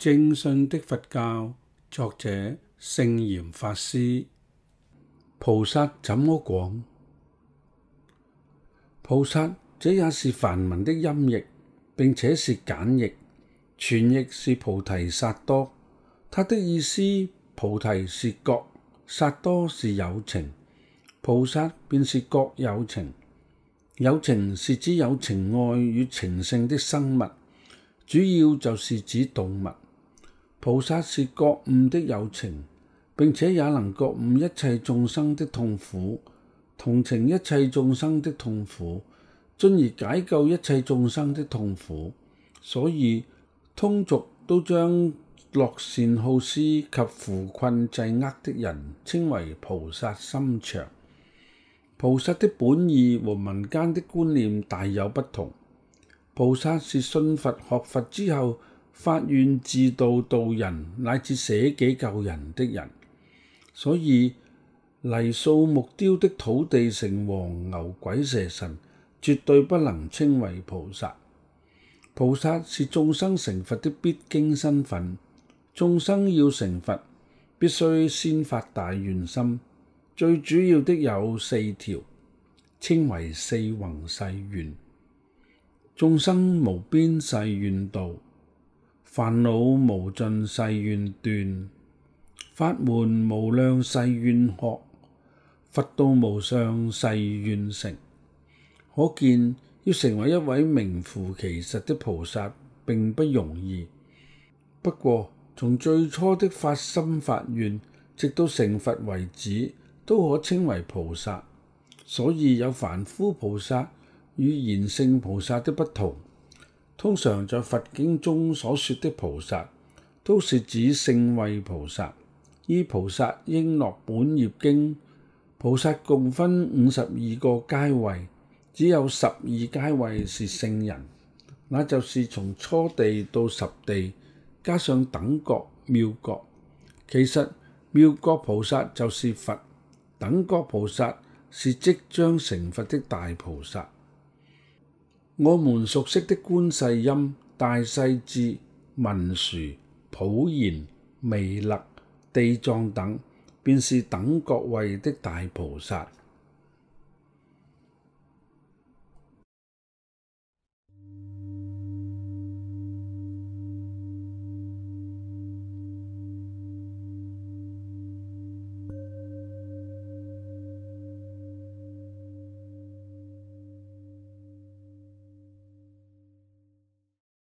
正信的佛教，作者聖嚴法師，菩薩怎麼講？菩薩這也是梵文的音譯，並且是簡譯，全譯是菩提薩多。它的意思，菩提是覺，薩多是有情，菩薩便是覺有情。有情是指有情愛與情性的生物，主要就是指動物。菩薩是覺悟的有情，並且也能覺悟一切眾生的痛苦，同情一切眾生的痛苦，進而解救一切眾生的痛苦。所以，通俗都將樂善好施及扶困，困濟厄的人稱為菩薩心腸。菩薩的本意和民間的觀念大有不同。菩薩是信佛學佛之後。發願自度度人乃至捨己救人的人，所以泥塑木雕的土地城隍、牛鬼蛇神，絕對不能稱為菩薩。菩薩是眾生成佛的必經身份，眾生要成佛，必須先發大願心。最主要的有四條，稱為四弘誓願，眾生無邊誓願度，煩惱無盡誓願斷，法門無量誓願學，佛道無上誓願成。可見要成為一位名副其實的菩薩並不容易。不過從最初的發心發願，直到成佛為止，都可稱為菩薩。所以有凡夫菩薩與賢聖菩薩的不同。通常在佛經中所說的菩薩，都是指聖位菩薩。依菩薩《菩薩瓔珞本業經》，菩薩共分五十二個階位，只有十二階位是聖人，那就是從初地到十地，加上等覺、妙覺。其實妙覺菩薩就是佛，等覺菩薩是即將成佛的大菩薩。我們熟悉的觀世音、大勢至、文殊、普賢、彌勒、地藏等，便是等覺位的大菩薩。